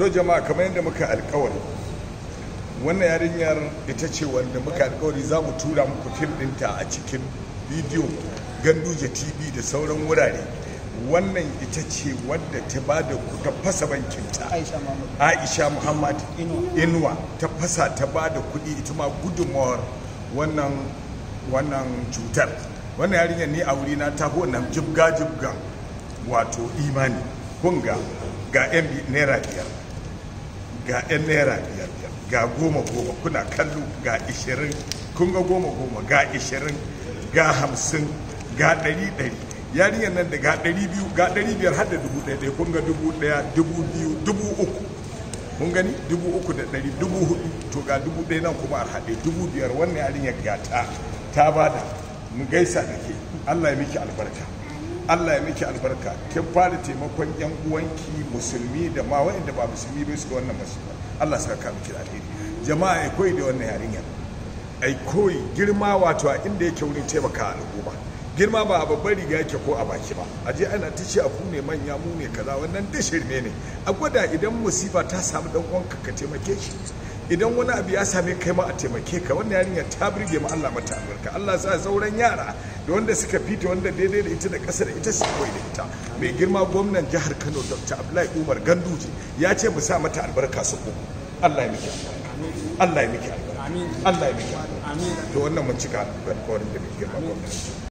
to jama'a kamar yadda muka alkawari wannan yarinyar ita ce wanda muka alkawari za mu tura muku fim ɗinta a cikin bidiyo ganduje tv da sauran wurare wannan ita ce wadda ta ba da ta fasa bankinta aisha muhammad inuwa ta fasa ta ba da kuɗi ita ma gudunmawar wannan cutar wannan yarinyar ne a wurina ta fi jibga jibgan wato imani kunga ga yan naira biyar ga 'yan naira biyar biyar ga goma goma kuna kallo ga ishirin kun ga goma goma ga ishirin ga hamsin ga ɗari ɗari yarinyar nan da ga dari biyu ga dari biyar har da dubu ɗaya ɗaya kun ga dubu ɗaya dubu biyu dubu uku kun gani dubu uku da ɗari dubu hudu to ga dubu ɗaya nan kuma a haɗe dubu biyar wannan yarinyar ga ta ta bada mu gaisa da ke allah ya miki albarka Allah ya miki albarka kin fara taimakon yan uwanki musulmi da ma waɗanda ba musulmi ba su wannan masifa Allah saka ka miki alheri jama'a ai koyi da wannan yarinya ai koyi girma wato a inda yake wurin taimaka al'umma girma ba a babban riga yake ko a baki ba a je ana ta ce a ne manya mu ne kaza wannan dashirme ne a gwada idan musifa ta samu dan uwanka ka taimake shi idan wani abu ya same kai ma a taimake ka wannan yarinya ta birge ma Allah mata albarka Allah sa sauran yara da wanda suka fita wanda daidai da ita da kasa da ita su koyi da ita mai girma gwamnan jihar Kano Dr. Abdullahi Umar Ganduje ya ce mu sa mata albarka su ko Allah ya miki albarka Allah ya miki albarka Allah ya miki albarka to wannan mun cika alƙawarin da mai girma gwamnati